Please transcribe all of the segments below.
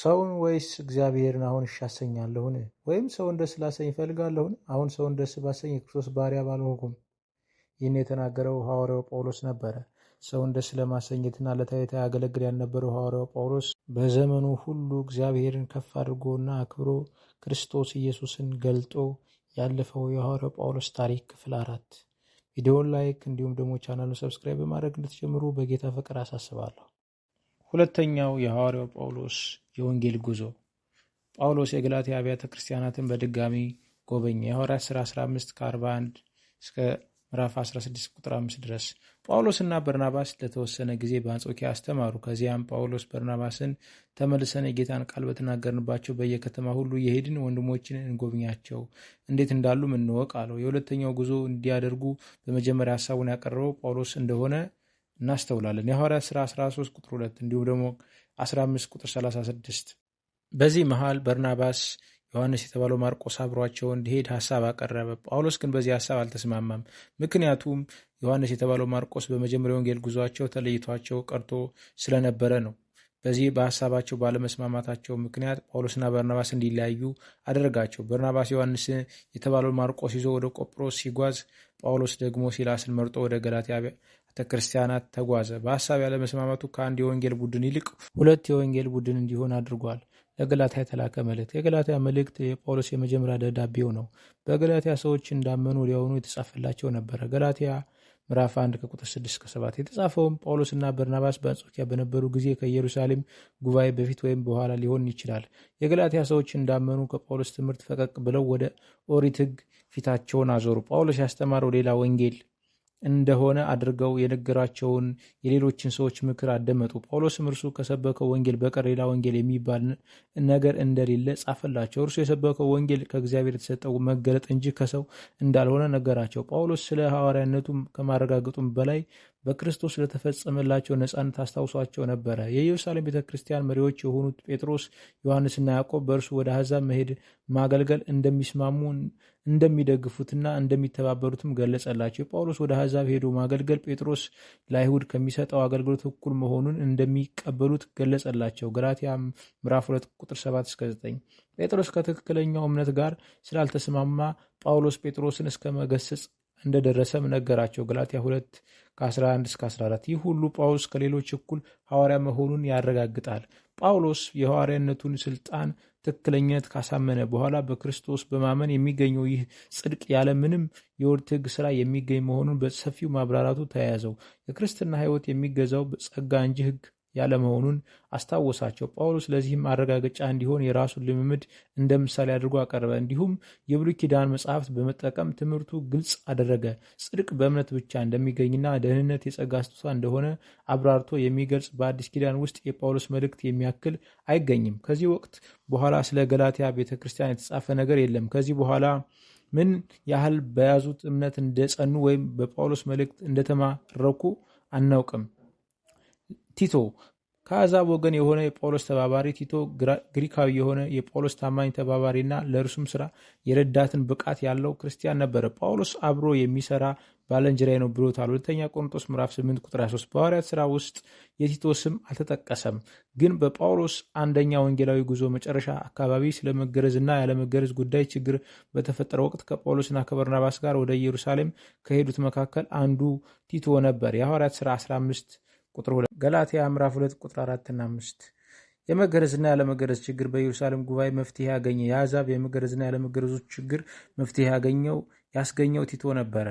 ሰውን ወይስ እግዚአብሔርን አሁን እሺ አሰኛለሁን? ወይም ሰውን ደስ ላሰኝ እፈልጋለሁን? አሁን ሰውን ደስ ባሰኝ የክርስቶስ ባሪያ ባልሆንኩም። ይህን የተናገረው ሐዋርያው ጳውሎስ ነበረ። ሰውን ደስ ለማሰኘትና ለታየታ ያገለግል ያልነበረው ሐዋርያው ጳውሎስ በዘመኑ ሁሉ እግዚአብሔርን ከፍ አድርጎና አክብሮ ክርስቶስ ኢየሱስን ገልጦ ያለፈው የሐዋርያው ጳውሎስ ታሪክ ክፍል አራት ቪዲዮውን ላይክ እንዲሁም ደግሞ ቻናሉን ሰብስክራይብ በማድረግ እንድትጀምሩ በጌታ ፍቅር አሳስባለሁ። ሁለተኛው የሐዋርያው ጳውሎስ የወንጌል ጉዞ ጳውሎስ የገላትያ አብያተ ክርስቲያናትን በድጋሚ ጎበኘ። የሐዋርያት ሥራ 15 ከ41 እስከ ምዕራፍ 16 ቁጥር 5 ድረስ ጳውሎስና በርናባስ ለተወሰነ ጊዜ በአንጾኪያ አስተማሩ። ከዚያም ጳውሎስ በርናባስን ተመልሰን የጌታን ቃል በተናገርንባቸው በየከተማ ሁሉ የሄድን ወንድሞችን እንጎብኛቸው፣ እንዴት እንዳሉም እንወቅ አለው። የሁለተኛው ጉዞ እንዲያደርጉ በመጀመሪያ ሀሳቡን ያቀረበው ጳውሎስ እንደሆነ እናስተውላለን። የሐዋርያ ሥራ 13 ቁጥር 2 እንዲሁም ደግሞ 15 ቁጥር 36። በዚህ መሃል በርናባስ ዮሐንስ የተባለው ማርቆስ አብሯቸው እንዲሄድ ሐሳብ አቀረበ። ጳውሎስ ግን በዚህ ሐሳብ አልተስማማም። ምክንያቱም ዮሐንስ የተባለው ማርቆስ በመጀመሪያ ወንጌል ጉዟቸው ተለይቷቸው ቀርቶ ስለነበረ ነው። በዚህ በሐሳባቸው ባለመስማማታቸው ምክንያት ጳውሎስና በርናባስ እንዲለያዩ አደረጋቸው። በርናባስ ዮሐንስ የተባለው ማርቆስ ይዞ ወደ ቆጵሮስ ሲጓዝ፣ ጳውሎስ ደግሞ ሲላስን መርጦ ወደ ገላትያ ቤተ ክርስቲያናት ተጓዘ። በሀሳብ ያለመስማማቱ ከአንድ የወንጌል ቡድን ይልቅ ሁለት የወንጌል ቡድን እንዲሆን አድርጓል። ለገላትያ የተላከ መልእክት። የገላትያ መልእክት የጳውሎስ የመጀመሪያ ደብዳቤው ነው። በገላትያ ሰዎች እንዳመኑ ወዲያውኑ የተጻፈላቸው ነበረ። ገላትያ ምዕራፍ 1 ከቁጥር 6 እስከ 7 የተጻፈውም ጳውሎስና በርናባስ በአንጾኪያ በነበሩ ጊዜ ከኢየሩሳሌም ጉባኤ በፊት ወይም በኋላ ሊሆን ይችላል። የገላትያ ሰዎች እንዳመኑ ከጳውሎስ ትምህርት ፈቀቅ ብለው ወደ ኦሪት ሕግ ፊታቸውን አዞሩ። ጳውሎስ ያስተማረው ሌላ ወንጌል እንደሆነ አድርገው የነገራቸውን የሌሎችን ሰዎች ምክር አደመጡ። ጳውሎስም እርሱ ከሰበከው ወንጌል በቀር ሌላ ወንጌል የሚባል ነገር እንደሌለ ጻፈላቸው። እርሱ የሰበከው ወንጌል ከእግዚአብሔር የተሰጠው መገለጥ እንጂ ከሰው እንዳልሆነ ነገራቸው። ጳውሎስ ስለ ሐዋርያነቱ ከማረጋገጡም በላይ በክርስቶስ ለተፈጸመላቸው ነፃነት አስታውሷቸው ነበረ። የኢየሩሳሌም ቤተ ክርስቲያን መሪዎች የሆኑት ጴጥሮስ፣ ዮሐንስና ያዕቆብ በእርሱ ወደ አሕዛብ መሄድ፣ ማገልገል እንደሚስማሙ እንደሚደግፉትና እንደሚተባበሩትም ገለጸላቸው። ጳውሎስ ወደ አሕዛብ ሄዶ ማገልገል ጴጥሮስ ለአይሁድ ከሚሰጠው አገልግሎት እኩል መሆኑን እንደሚቀበሉት ገለጸላቸው። ገላትያ ምዕራፍ 2 ቁጥር 7 እስከ 9 ጴጥሮስ ከትክክለኛው እምነት ጋር ስላልተስማማ ጳውሎስ ጴጥሮስን እስከ መገሰጽ እንደደረሰም ነገራቸው። ገላትያ 2 ከ11 እስከ 14። ይህ ሁሉ ጳውሎስ ከሌሎች እኩል ሐዋርያ መሆኑን ያረጋግጣል። ጳውሎስ የሐዋርያነቱን ስልጣን ትክክለኛነት ካሳመነ በኋላ በክርስቶስ በማመን የሚገኘው ይህ ጽድቅ ያለ ምንም የወርት ሕግ ሥራ የሚገኝ መሆኑን በሰፊው ማብራራቱ ተያያዘው። የክርስትና ሕይወት የሚገዛው ጸጋ እንጂ ሕግ ያለመሆኑን አስታወሳቸው። ጳውሎስ ለዚህም ማረጋገጫ እንዲሆን የራሱን ልምምድ እንደ ምሳሌ አድርጎ አቀረበ። እንዲሁም የብሉይ ኪዳን መጽሐፍት በመጠቀም ትምህርቱ ግልጽ አደረገ። ጽድቅ በእምነት ብቻ እንደሚገኝና ደህንነት የጸጋ ስጦታ እንደሆነ አብራርቶ የሚገልጽ በአዲስ ኪዳን ውስጥ የጳውሎስ መልእክት የሚያክል አይገኝም። ከዚህ ወቅት በኋላ ስለ ገላትያ ቤተ ክርስቲያን የተጻፈ ነገር የለም። ከዚህ በኋላ ምን ያህል በያዙት እምነት እንደጸኑ ወይም በጳውሎስ መልእክት እንደተማረኩ አናውቅም። ቲቶ ከአሕዛብ ወገን የሆነ የጳውሎስ ተባባሪ ቲቶ ግሪካዊ የሆነ የጳውሎስ ታማኝ ተባባሪና ለእርሱም ስራ የረዳትን ብቃት ያለው ክርስቲያን ነበረ። ጳውሎስ አብሮ የሚሰራ ባልንጀራዬ ነው ብሎታል። ሁለተኛ ቆሮንቶስ ምዕራፍ 8 ቁጥር 23። በሐዋርያት ሥራ ውስጥ የቲቶ ስም አልተጠቀሰም፣ ግን በጳውሎስ አንደኛ ወንጌላዊ ጉዞ መጨረሻ አካባቢ ስለ ያለመገረዝ ጉዳይ ችግር በተፈጠረ ወቅት ከጳውሎስና ከበርናባስ ጋር ወደ ኢየሩሳሌም ከሄዱት መካከል አንዱ ቲቶ ነበር። የሐዋርያት ሥራ 15 ቁጥር 2 ገላትያ ምዕራፍ 2 ቁጥር 4 እና 5 የመገረዝና ያለመገረዝ ችግር በኢየሩሳሌም ጉባኤ መፍትሄ ያገኘ የአሕዛብ የመገረዝና ያለመገረዞች ችግር መፍትሄ ያገኘው ያስገኘው ቲቶ ነበረ።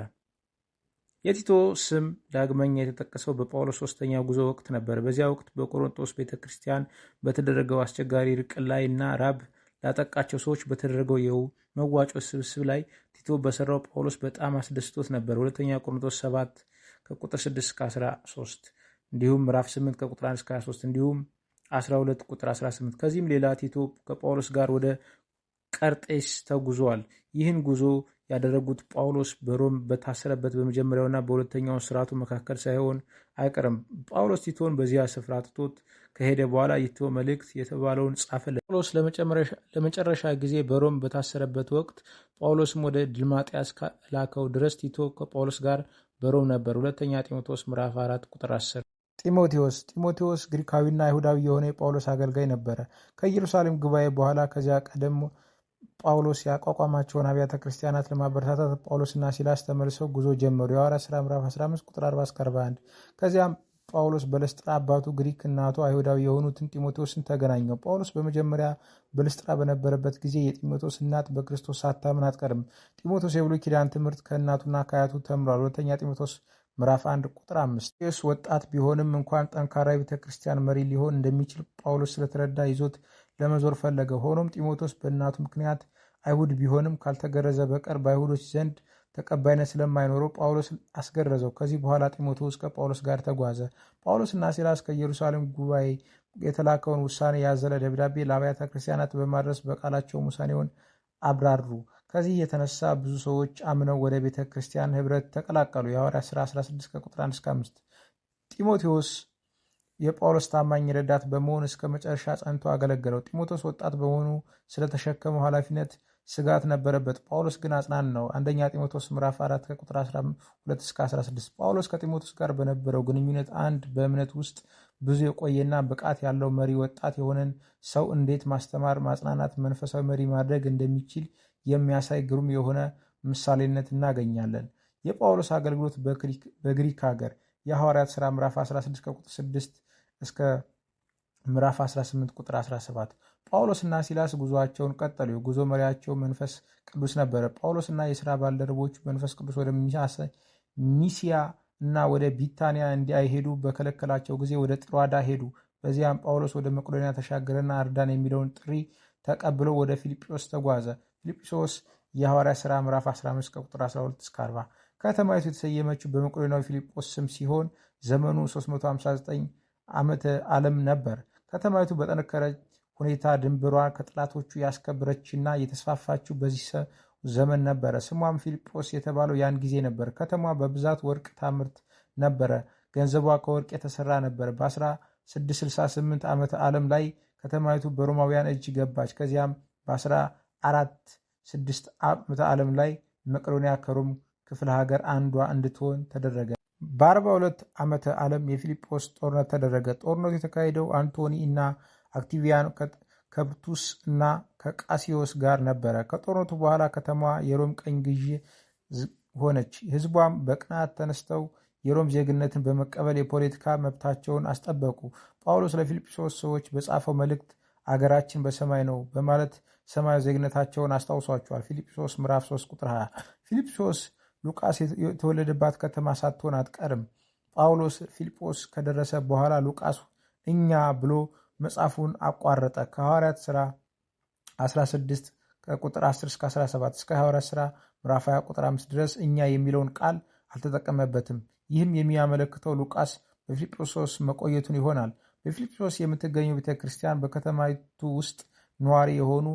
የቲቶ ስም ዳግመኛ የተጠቀሰው በጳውሎስ ሶስተኛ ጉዞ ወቅት ነበር። በዚያ ወቅት በቆሮንጦስ ቤተ ክርስቲያን በተደረገው አስቸጋሪ ርቅላይ እና ራብ ላጠቃቸው ሰዎች በተደረገው የው መዋጮ ስብስብ ላይ ቲቶ በሰራው ጳውሎስ በጣም አስደስቶት ነበር። ሁለተኛ ቆሮንቶስ 7 ከቁጥር 6 እስከ 13 እንዲሁም ምዕራፍ 8 ከቁጥር 1 እስከ 23 እንዲሁም 12 ቁጥር 18። ከዚህም ሌላ ቲቶ ከጳውሎስ ጋር ወደ ቀርጤስ ተጉዟል። ይህን ጉዞ ያደረጉት ጳውሎስ በሮም በታሰረበት በመጀመሪያውና በሁለተኛው ስርዓቱ መካከል ሳይሆን አይቀርም። ጳውሎስ ቲቶን በዚያ ስፍራ ትቶት ከሄደ በኋላ የቲቶ መልእክት የተባለውን ጻፈ። ጳውሎስ ለመጨረሻ ጊዜ በሮም በታሰረበት ወቅት ጳውሎስም ወደ ድልማጥያስ ላከው ድረስ ቲቶ ከጳውሎስ ጋር በሮም ነበር። ሁለተኛ ጢሞቴዎስ ምዕራፍ 4 ቁጥር 10 ጢሞቴዎስ ጢሞቴዎስ ግሪካዊና አይሁዳዊ የሆነ የጳውሎስ አገልጋይ ነበረ። ከኢየሩሳሌም ጉባኤ በኋላ ከዚያ ቀደም ጳውሎስ ያቋቋማቸውን አብያተ ክርስቲያናት ለማበረታታት ጳውሎስና ሲላስ ተመልሰው ጉዞ ጀመሩ። የሐዋርያት ሥራ ምዕራፍ 15 ቁጥር 40 41። ከዚያም ጳውሎስ በልስጥራ አባቱ ግሪክ እናቱ አይሁዳዊ የሆኑትን ጢሞቴዎስን ተገናኘው። ጳውሎስ በመጀመሪያ በልስጥራ በነበረበት ጊዜ የጢሞቴዎስ እናት በክርስቶስ ሳታምን አትቀርም። ጢሞቴዎስ የብሉይ ኪዳን ትምህርት ከእናቱና ከአያቱ ተምሯል። ሁለተኛ ጢሞቴዎስ ምዕራፍ 1 ቁጥር 5 ስ ወጣት ቢሆንም እንኳን ጠንካራ የቤተ ክርስቲያን መሪ ሊሆን እንደሚችል ጳውሎስ ስለተረዳ ይዞት ለመዞር ፈለገ። ሆኖም ጢሞቴዎስ በእናቱ ምክንያት አይሁድ ቢሆንም ካልተገረዘ በቀር በአይሁዶች ዘንድ ተቀባይነት ስለማይኖረው ጳውሎስ አስገረዘው። ከዚህ በኋላ ጢሞቴዎስ ከጳውሎስ ጋር ተጓዘ። ጳውሎስና ሲላስ ከኢየሩሳሌም ጉባኤ የተላከውን ውሳኔ ያዘለ ደብዳቤ ለአብያተ ክርስቲያናት በማድረስ በቃላቸውም ውሳኔውን አብራሩ። ከዚህ የተነሳ ብዙ ሰዎች አምነው ወደ ቤተ ክርስቲያን ህብረት ተቀላቀሉ። የሐዋርያ ሥራ 16 ከቁጥር 1 እስከ 5። ጢሞቴዎስ የጳውሎስ ታማኝ ረዳት በመሆን እስከ መጨረሻ ጸንቶ አገለገለው። ጢሞቴዎስ ወጣት በመሆኑ ስለተሸከመው ኃላፊነት ስጋት ነበረበት። ጳውሎስ ግን አጽናን ነው። አንደኛ ጢሞቴዎስ ምዕራፍ 4 ከቁጥር 12 እስከ 16። ጳውሎስ ከጢሞቴዎስ ጋር በነበረው ግንኙነት አንድ በእምነት ውስጥ ብዙ የቆየና ብቃት ያለው መሪ ወጣት የሆነን ሰው እንዴት ማስተማር፣ ማጽናናት፣ መንፈሳዊ መሪ ማድረግ እንደሚችል የሚያሳይ ግሩም የሆነ ምሳሌነት እናገኛለን። የጳውሎስ አገልግሎት በግሪክ ሀገር የሐዋርያት ሥራ ምዕራፍ 16 ከቁጥር 6 እስከ ምዕራፍ 18 ቁጥር 17 ጳውሎስና ሲላስ ጉዞአቸውን ቀጠሉ። የጉዞ መሪያቸው መንፈስ ቅዱስ ነበረ። ጳውሎስና የሥራ ባልደረቦቹ መንፈስ ቅዱስ ወደ ሚሲያ እና ወደ ቢታንያ እንዳይሄዱ በከለከላቸው ጊዜ ወደ ጥሯዳ ሄዱ። በዚያም ጳውሎስ ወደ መቄዶንያ ተሻገረና አርዳን የሚለውን ጥሪ ተቀብሎ ወደ ፊልጵዎስ ተጓዘ። ፊልጵሶስ የሐዋርያ ሥራ ምዕራፍ 15 ቁጥር 12 እስከ 40። ከተማይቱ የተሰየመችው በመቄዶንያዊ ፊልጶስ ስም ሲሆን ዘመኑ 359 ዓመተ ዓለም ነበር። ከተማይቱ በጠነከረ ሁኔታ ድንበሯን ከጥላቶቹ ያስከብረችና የተስፋፋችው በዚህ ዘመን ነበረ። ስሟም ፊልጶስ የተባለው ያን ጊዜ ነበር። ከተማዋ በብዛት ወርቅ ታምርት ነበረ። ገንዘቧ ከወርቅ የተሰራ ነበር። በ1668 ዓመተ ዓለም ላይ ከተማይቱ በሮማውያን እጅ ገባች። ከዚያም በ 1 አራት ስድስት ምዕተ ዓለም ላይ መቅዶኒያ ከሮም ክፍለ ሀገር አንዷ እንድትሆን ተደረገ። በአርባ ሁለት ዓመተ ዓለም የፊልጶስ ጦርነት ተደረገ። ጦርነቱ የተካሄደው አንቶኒ እና አክቲቪያን ከብቱስ እና ከቃሲዮስ ጋር ነበረ። ከጦርነቱ በኋላ ከተማዋ የሮም ቀኝ ግዢ ሆነች። ሕዝቧም በቅናት ተነስተው የሮም ዜግነትን በመቀበል የፖለቲካ መብታቸውን አስጠበቁ። ጳውሎስ ለፊልጵሶስ ሰዎች በጻፈው መልእክት አገራችን በሰማይ ነው በማለት ሰማያዊ ዜግነታቸውን አስታውሷቸዋል። ፊልጵሶስ ምዕራፍ 3 ቁጥር 20 ፊልጵሶስ ሉቃስ የተወለደባት ከተማ ሳትሆን አትቀርም። ጳውሎስ ፊልጶስ ከደረሰ በኋላ ሉቃስ እኛ ብሎ መጽሐፉን አቋረጠ። ከሐዋርያት ሥራ 16 ከቁጥር 10 እስከ 17 እስከ ሐዋርያት ሥራ ምዕራፍ 20 ቁጥር 5 ድረስ እኛ የሚለውን ቃል አልተጠቀመበትም። ይህም የሚያመለክተው ሉቃስ በፊልጵስዩስ መቆየቱን ይሆናል። በፊልጵስዩስ የምትገኘው ቤተ ክርስቲያን በከተማይቱ ውስጥ ነዋሪ የሆኑ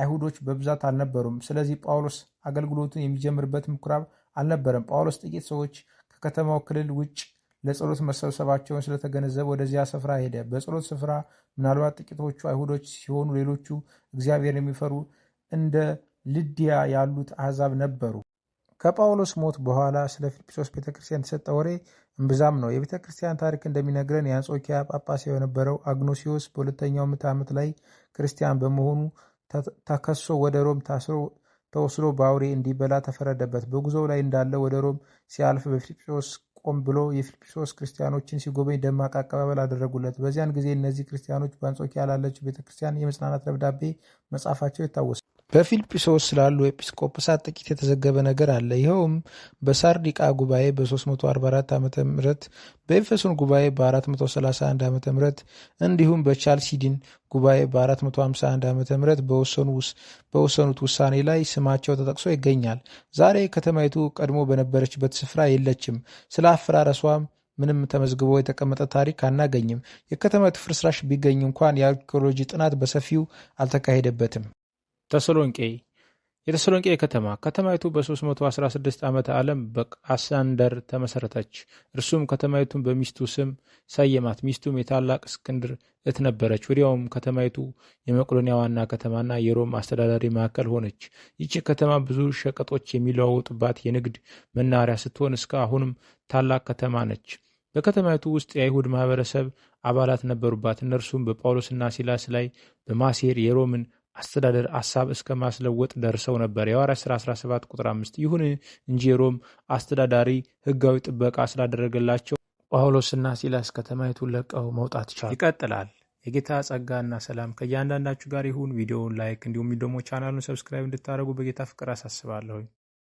አይሁዶች በብዛት አልነበሩም። ስለዚህ ጳውሎስ አገልግሎቱን የሚጀምርበት ምኩራብ አልነበረም። ጳውሎስ ጥቂት ሰዎች ከከተማው ክልል ውጭ ለጸሎት መሰብሰባቸውን ስለተገነዘበ ወደዚያ ስፍራ ሄደ። በጸሎት ስፍራ ምናልባት ጥቂቶቹ አይሁዶች ሲሆኑ ሌሎቹ እግዚአብሔር የሚፈሩ እንደ ልድያ ያሉት አሕዛብ ነበሩ። ከጳውሎስ ሞት በኋላ ስለ ፊልጵሶስ ቤተክርስቲያን የተሰጠ ወሬ እምብዛም ነው። የቤተክርስቲያን ታሪክ እንደሚነግረን የአንጾኪያ ጳጳስ የነበረው አግኖሲዎስ በሁለተኛው ምዕተ ዓመት ላይ ክርስቲያን በመሆኑ ተከሶ ወደ ሮም ታስሮ ተወስዶ በአውሬ እንዲበላ ተፈረደበት። በጉዞው ላይ እንዳለ ወደ ሮም ሲያልፍ በፊልጵሶስ ቆም ብሎ የፊልጵሶስ ክርስቲያኖችን ሲጎበኝ ደማቅ አቀባበል አደረጉለት። በዚያን ጊዜ እነዚህ ክርስቲያኖች በአንጾኪያ ላለችው ቤተክርስቲያን የመጽናናት ደብዳቤ መጻፋቸው ይታወሳል። በፊልጵሶስ ስላሉ ኤጲስቆጶሳት ጥቂት የተዘገበ ነገር አለ። ይኸውም በሳርዲቃ ጉባኤ በ344 ዓ ም በኤፌሶን ጉባኤ በ431 ዓ ም እንዲሁም በቻልሲዲን ጉባኤ በ451 ዓ ም በወሰኑት ውሳኔ ላይ ስማቸው ተጠቅሶ ይገኛል። ዛሬ ከተማይቱ ቀድሞ በነበረችበት ስፍራ የለችም። ስለ አፈራረሷም ምንም ተመዝግቦ የተቀመጠ ታሪክ አናገኝም። የከተማይቱ ፍርስራሽ ቢገኝ እንኳን የአርኪኦሎጂ ጥናት በሰፊው አልተካሄደበትም። ተሰሎንቄ የተሰሎንቄ ከተማ ከተማይቱ በ316 ዓመተ ዓለም በቃሳንደር ተመሠረተች። እርሱም ከተማይቱን በሚስቱ ስም ሰየማት። ሚስቱም የታላቅ እስክንድር እት ነበረች። ወዲያውም ከተማይቱ የመቄዶንያ ዋና ከተማና የሮም አስተዳዳሪ ማዕከል ሆነች። ይቺ ከተማ ብዙ ሸቀጦች የሚለዋወጡባት የንግድ መናኸሪያ ስትሆን እስከ አሁንም ታላቅ ከተማ ነች። በከተማይቱ ውስጥ የአይሁድ ማኅበረሰብ አባላት ነበሩባት። እነርሱም በጳውሎስና ሲላስ ላይ በማሴር የሮምን አስተዳደር አሳብ እስከ ማስለወጥ ደርሰው ነበር። የሐዋርያት ሥራ 17 ቁጥር 5 ይሁን እንጂ የሮም አስተዳዳሪ ሕጋዊ ጥበቃ ስላደረገላቸው ጳውሎስና ሲላስ ከተማይቱን ለቀው መውጣት ቻሉ። ይቀጥላል። የጌታ ጸጋና ሰላም ከእያንዳንዳችሁ ጋር ይሁን። ቪዲዮውን ላይክ እንዲሁም ደግሞ ቻናሉን ሰብስክራይብ እንድታደርጉ በጌታ ፍቅር አሳስባለሁ።